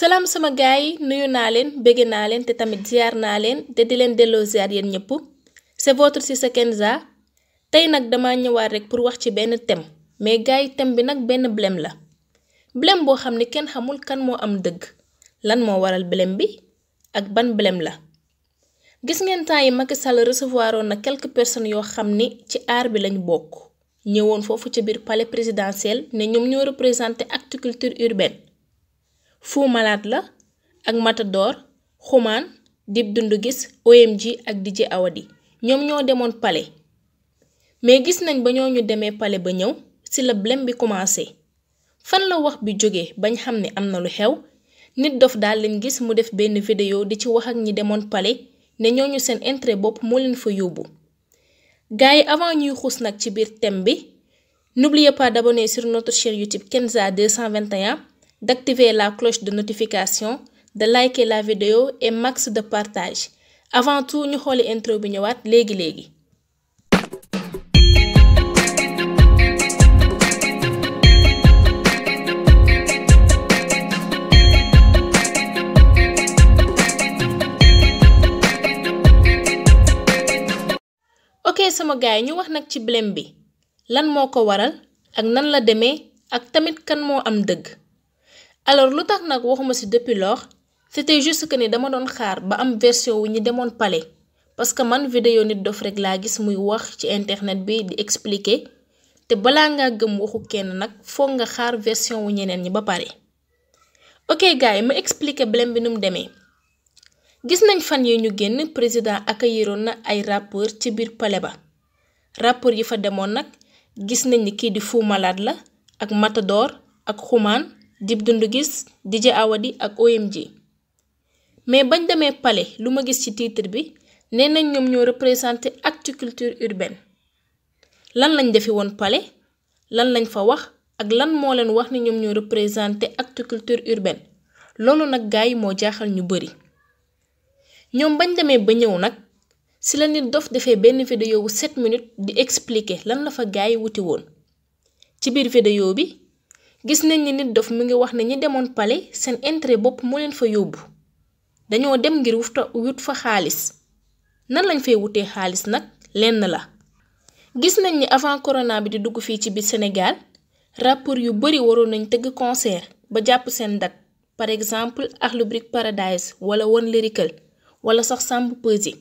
salaam sama gaay yi nuyu naa leen bëgg naa leen te tamit ziar naa leen te di leen delloo ziar yéen ñëpp c'est votre Sista Kenza tey nag dama ñëwaat rek pour wax ci benn thème mais gaay yi thème bi nag benn blème la blème boo xam ni kenn xamul kan moo am dëgg lan moo waral blème bi ak ban blème la. gis ngeen temps yi Macky Sall recevoir woon na quelques personnes yoo xam ni ci aar bi lañ bokk ñëwoon foofu ca biir pale présidentiel ne ñoom ñoo représenté acte culture urbaine. fu malaat la ak Matador xumaan Dip Doundou gis OMG ak DJ Awadi ñoom ñoo demoon pale mais gis nañ ba ñoo ñu demee pale ba ñëw ci la blème bi commencé fan la wax bi jógee bañ xam ne am na lu xew nit dof daal leen gis mu def benn vidéo di ci wax ak ñi demoon pale ne ñoo ñooñu seen intérêt bopp moo leen fa yóbbu gars yi avant ñuy xuus nag ci biir thème bi n'oubliez pas d'abonner sur notre chaîne YouTube Kenza 221 d'activer la cloche de notification de liker la vidéo et max de partage avant tout ñu xooli intro bi ñëwaat léegi léegi. ok sama gaay yi ñu wax nag ci blème bi lan moo ko waral ak nan la demee ak tamit kan moo am dëgg. alors lu tax nag waxuma si depuis lors c'était juste que ni dama doon xaar ba am version wu ñi demoon pale parce que man vidéo nit dof rek laa gis muy wax ci internet bi di expliquer te balaa ngaa gëm waxu kenn nag foog nga xaar version wu ñeneen ñi ba pare. ok gars yi ma expliquer blème bi nu demee gis nañ fan yi ñu génn président ak accueilliroon na ay rappeurs ci biir pale ba rappeurs yi fa demoon nag gis nañ ni kii di fu malaat la ak matadoor ak xumaan Dip Doundou Guiss DJ Awadi ak OMG mais bañ demee pale lu ma gis ci titre bi nee nañ ñoom ñoo représenté actu culture urbaine lan lañ defi woon pale lan lañ fa wax ak lan moo leen wax ni ñoom ñoo représenté actu culture urbaine loolu nag gars yi moo jaaxal ñu bari ñoom bañ demee ba ñëw nag si la nit dof defee benn vidéo bu 7 minutes di expliquer lan la fa gars yi wuti woon ci biir vidéo bi. gis nañ ni nit dof mi ngi wax ne ñi demoon pale seen intérêt bopp moo leen fa yóbbu dañoo dem ngir wut fa xaalis nan lañ fay wutee xaalis nag lenn la. gis nañ ni avant corona bi di dugg fii ci biir senegal rappeur yu bari waroon nañ tëgg concert ba jàpp seen date par exemple Akhlou Brick Paradise wala One Lyrical wala sax Samb yi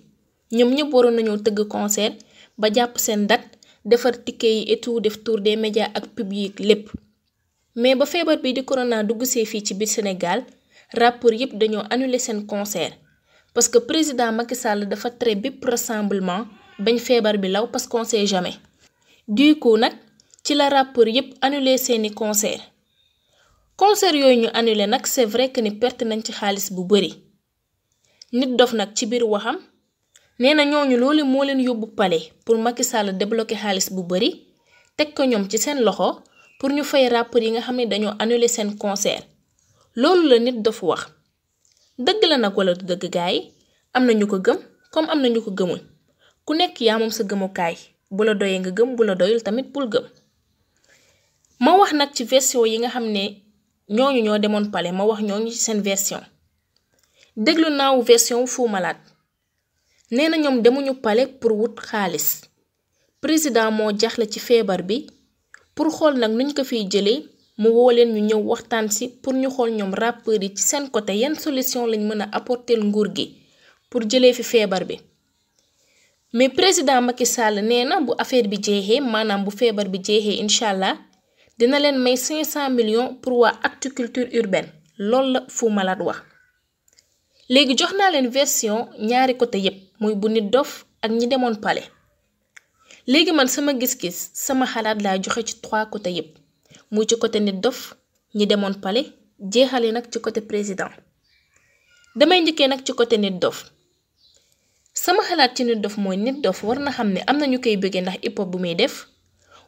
ñoom ñëpp waroon nañoo tëgg concert ba jàpp seen date defar ticket yi et def tour des médias ak public lépp. mais ba feebar bi di corona dugg see fii ci biir Sénégal rapport yëpp dañoo annuler seen concert parce que président Macky Sall dafa tere bépp resemblement bañ feebar bi law parce qu'on sait jamais. du coup nag ci la rapport yëpp annuler seeni concert concert yooyu ñu annuler nag c'est vrai que ni perte nañ ci xaalis bu bari nit dof nag ci biir waxam. nee na ñooñu loolu moo leen yóbbu pale pour Macky Sall débloquer xaalis bu bari teg ko ñoom ci seen loxo pour ñu fay rappeur yi nga xam ne dañoo annuler seen concert loolu la nit dafa wax dëgg la nag wala du dëgg gaay yi am na ñu ko gëm comme am na ñu ko gëmul ku nekk yaa moom sa gëmukaay bu la doyee nga gëm bu la doyul tamit bul gëm ma wax nag ci version yi nga xam ne ñooñu ñoo demoon pale ma wax ñooñu ci seen version déglu naawu version Fou Malade nee na ñoom demuñu pale pour wut xaalis président moo jaxle ci feebar bi pour xool nag nuñ ko fiy jëlee mu woo leen ñu ñëw waxtaan si pour ñu xool ñoom rappeurs yi ci seen côté yan solution lañ mën a apporter nguur gi pour jëlee fi feebar bi mais président Macky Sall nee na bu affaire bi jeexee maanaam bu feebar bi jeexee incha allah dina leen may 500 millions pour waa agriculture urbaine loolu la fu malaat wax. léegi jox naa leen version ñaari côté yépp mooy bu nit dof ak ñi demoon pale léegi man sama gis-gis sama xalaat laa joxe ci trois côté yépp muy ci côté nit dof ñi demoon pale jeexale nag ci côté président damay njëkkee nag ci côté nit dof sama xalaat ci nit dof mooy nit dof war na xam ne am na ñu koy bëggee ndax ipo bu muy def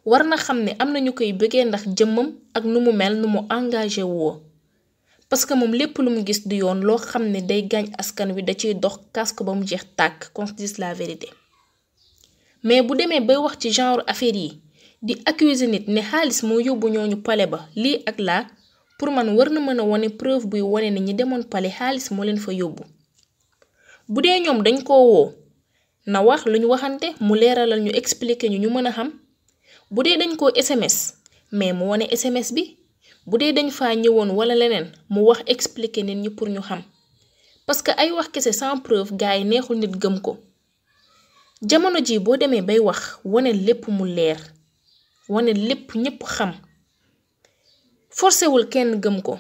war na xam ne am na ñu koy bëggee ndax jëmmam ak nu mu mel nu mu engagé woo parce que moom lépp lu mu gis du yoon loo xam ne day gaañ askan wi da ciy dox kaas ko ba mu jeex tàkk qu'on la vérité. mais bu demee bay wax ci genre affaire yi di accuser nit ne xaalis moo yóbbu ñooñu pale ba lii ak laa pour man war na mën a wane preuve buy wane ne ñi demoon pale xaalis moo leen fa yóbbu bu dee ñoom dañ ko woo na wax lu ñu waxante mu leeralal ñu expliquer ñu ñu mën a xam bu dee dañ koo SMS mais mu wane SMS bi bu dee dañ faa ñëwoon wala leneen mu wax expliquer nit ñi pour ñu xam parce que ay wax kese sans preuve gars yi neexul nit gëm ko. jamono ji boo demee bay wax wane lépp mu leer wane lépp ñépp xam forcéwul kenn gëm ko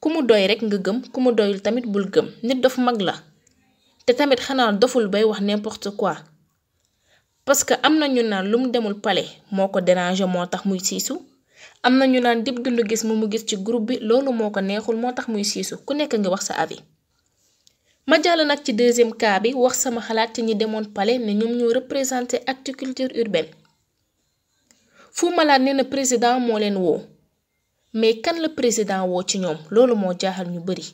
ku mu doy rekk nga gëm ku mu doyul tamit bul gëm nit dof mag la te tamit xanaa doful bay wax n'importe quoi parce que am na ñu naan lu mu demul pale moo ko déranger moo tax muy siisu am na ñu naan Dip Doundou gis mu mu gis ci groupe bi loolu moo ko neexul moo tax muy siisu ku nekk nga wax sa avis ma jàll nag ci deuxième cas bi wax sama xalaat ci ñi demoon pale ne ñoom ñoo représenté actu culture urbaine Fou malaat nee na président moo leen woo mais kan la président woo ci ñoom loolu moo jaaxal ñu bari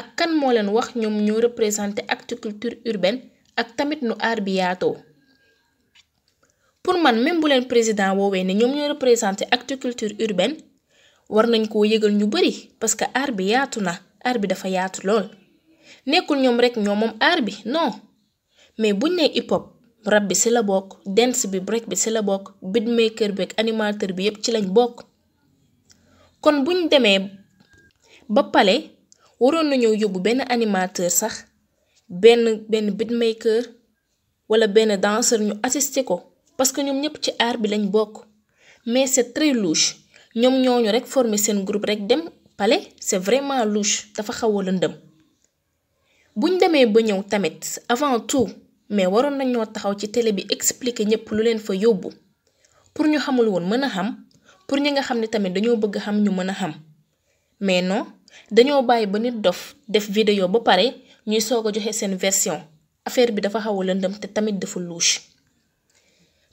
ak kan moo leen wax ñoom ñoo représenté actu culture urbaine ak tamit nu aar bi yaatoo pour man même bu leen président woowee ne ñoom ñoo représenté actu culture urbaine war nañ koo yëgal ñu bari parce que aar bi yaatu na aar bi dafa yaatu lool. nekkul ñoom rek ñoo moom aar bi non mais buñ ne hip hop rap bi ci la bokk dance bi break bi ci la bokk beatmaker bi ak animateur bi yépp ci lañ bokk kon buñ demee ba pale waroon nañoo yóbbu benn animateur sax benn benn beatmaker wala benn danseur ñu assister ko parce que ñoom ñëpp ci aar bi lañ bokk mais c'est très louche ñoom ñooñu rek former seen group rek dem pale c'est vraiment louche dafa xaw a lëndëm buñ demee ba ñëw tamit avant tout mais waroon nañoo taxaw ci télé bi expliquer ñëpp lu leen fa yóbbu pour ñu xamul woon mën a xam pour ñi nga xam ne tamit dañoo bëgg xam ñu mën a xam mais non dañoo bàyyi ba nit dof def vidéo ba pare ñuy soog a joxe seen version affaire bi dafa xaw a lëndëm te tamit dafa louche.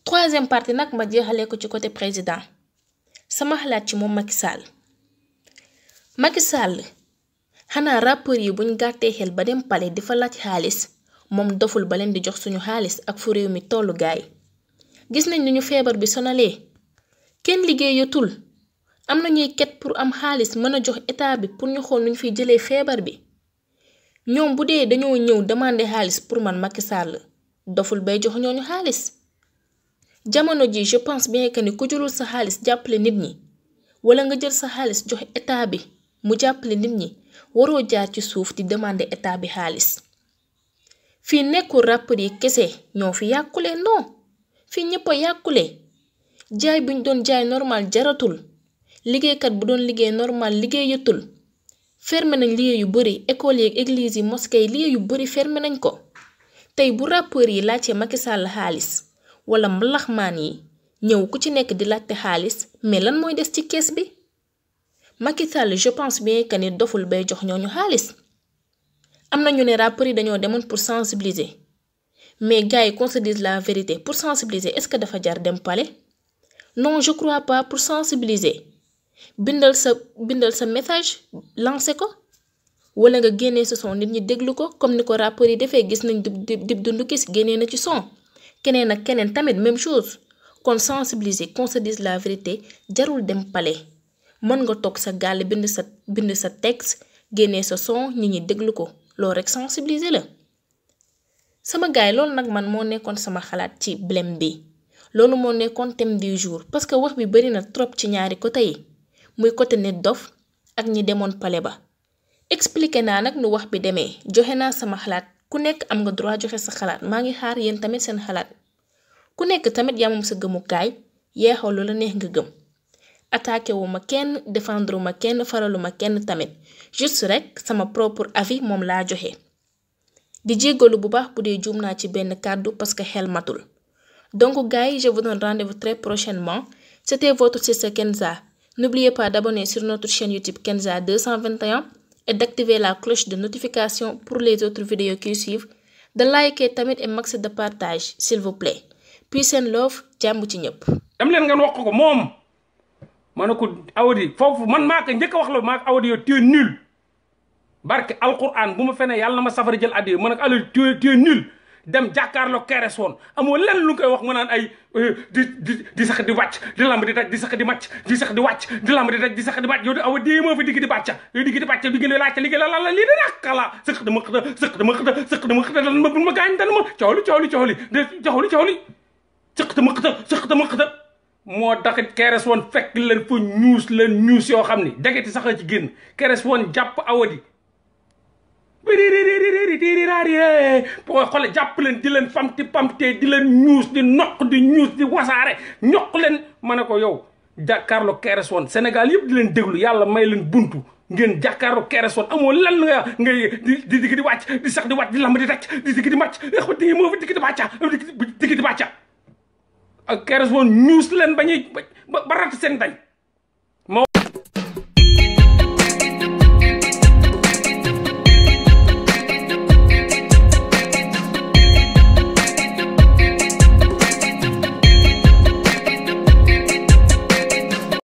troisième partie nag ma jeexalee ko ci côté président sama xalaat ci moom Macky Sall Macky xanaa rappeur yi buñ gàttee xel ba dem pale di fa laaj xaalis moom doful ba leen di jox suñu xaalis ak fu réew mi tollu gaay gis nañ ni ñu feebar bi sonalee kenn liggéeyatul am na ñuy ket pour am xaalis mën a jox état bi pour ñu xool nu ñu fiy jëlee feebar bi ñoom bu dee dañoo ñëw demander xaalis pour man Macky Sall doful bay jox ñooñu xaalis jamono ji je pense bien que ni ku jurul sa xaalis jàppale nit ñi wala nga jël sa xaalis jox état bi mu jàppale nit ñi waroo jaar ci suuf di demander état bi xaalis fii nekkul rappeur yi kese ñoo fi yàqule no fii ñëpp a yàqule jaay buñ doon jaay normal jaratul liggéeykat bu doon liggéey normal liggéeyatul fermé nañ liggéey yu bari école yi église yi mosquée yi yu bari fermé nañ ko tey bu rappeur yi laajte Macky Sall xaalis wala laxmaan yi ñëw ku ci nekk di laajte xaalis mais lan mooy des ci kees bi. Macky Sall je pense bien que ni doful bay jox ñooñu xaalis am na ñu ne rappeurs yi dañoo demoon pour sensibiliser mais gars yi qu'on la vérité pour sensibiliser est-ce que dafa jar dem palais non je crois pas pour sensibiliser bindal sa bindal sa message lancé ko wala nga génnee sa son nit ñi déglu ko comme ni ko rappeurs yi defee gis nañ dib dib dundu gis génnee na ci son keneen ak keneen tamit même chose kon sensibiliser qu'on la vérité jarul dem palais. mën nga toog sa gàll bind sa bind sa texte génnee sa son ñi ñi déglu ko loolu rek sensibiliser la sama gaay yi loolu nag man moo nekkoon sama xalaat ci blème bi loolu moo nekkoon thème du jour parce que wax bi bari na trop ci ñaari côté yi muy côté nit dof ak ñi demoon pale ba expliqué naa nag nu wax bi demee joxe naa sama xalaat ku nekk am nga droit joxe sa xalaat maa ngi xaar yéen tamit seen xalaat ku nekk tamit yaa moom sa gëmukaay yeexal lu la neex nga gëm attaqué wu ma kenn défendre ma kenn faralu ma kenn tamit juste rek sama propre avis moom laa joxe. di jéggalu bu baax bu dee juum naa ci benn kàddu parce que xel matul. donc gars yi je vous donne rendez prochainement très prochainement c'était votre sister Kenza n'oubliez pas d'abonner sur notre chaîne YouTube Kenza 221 et d'activer la cloche de notification pour les autres vidéos qui suivent de liker tamit et max de partage s'il vous plaît peace and love jàmm ci ñëpp. dem leen ngeen wax ko moom. ma ne ko awadi foofu man maa ko wax la maa ko awadi yow tu es nul barke alquran bu ma fenee yàlla na ma safara jël addi ma ne ko awadi tu es tu es nul dem jàkkaarloog keres woon amoo lenn lu koy wax mu naan ay eh, di di di sax di wàcc di lamb di daj di sax di màcc di sax di wàcc di lamb di daj di sax di màcc yow de awa dee moo fa digg di bàcca yow digg di bàcca digg di laajte liggéey la la la lii di nàkkalaa sëq dama xëta sëq dama xëta sëq dama xëta dan ma bul ma gaañ dan ma cooli cooli cooli de cooli cooli sëq dama xëta sëq dama moo taxit keres woon fekk leen fa ñuus leen ñuus yoo xam ni dagati sax la ci génn keres woon jàpp awadi boo xoolee jàpp leen di leen fam famti pamtee di leen ñuus di noq di ñuus di wasaare ñoq leen ma ne ko yow jàkkaarloo keres woon Sénégal yëpp di leen déglu yàlla may leen buntu ngeen jàkkaarloo keres woon amoo lan nga ngay di di di wàcc di sax di wàcc di lamb di tàcc di digg di màcc di moo fa digg di bàcca di ak keroog woon leen ba ñuy ba ba ratt seen dañ